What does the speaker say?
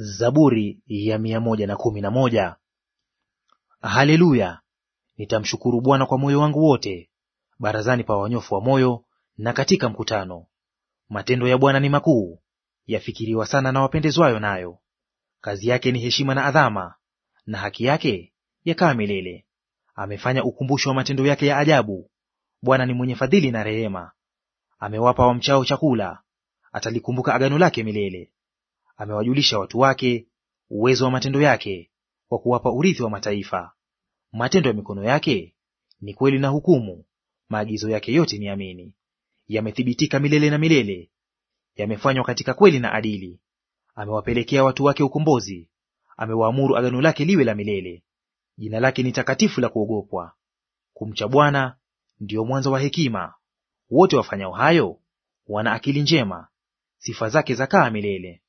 Zaburi ya mia moja na kumi na moja. Haleluya! Nitamshukuru Bwana kwa moyo wangu wote, barazani pa wanyofu wa moyo na katika mkutano. Matendo ya Bwana ni makuu, yafikiriwa sana na wapendezwayo nayo. Kazi yake ni heshima na adhama, na haki yake yakaa milele. Amefanya ukumbusho wa matendo yake ya ajabu. Bwana ni mwenye fadhili na rehema, amewapa wamchao chakula. Atalikumbuka agano lake milele amewajulisha watu wake uwezo wa matendo yake, kwa kuwapa urithi wa mataifa. Matendo ya mikono yake ni kweli na hukumu, maagizo yake yote ni amini. Yamethibitika milele na milele, yamefanywa katika kweli na adili. Amewapelekea watu wake ukombozi, amewaamuru agano lake liwe la milele. Jina lake ni takatifu la kuogopwa. Kumcha Bwana ndiyo mwanzo wa hekima, wote wafanyao hayo wana akili njema. Sifa zake zakaa milele.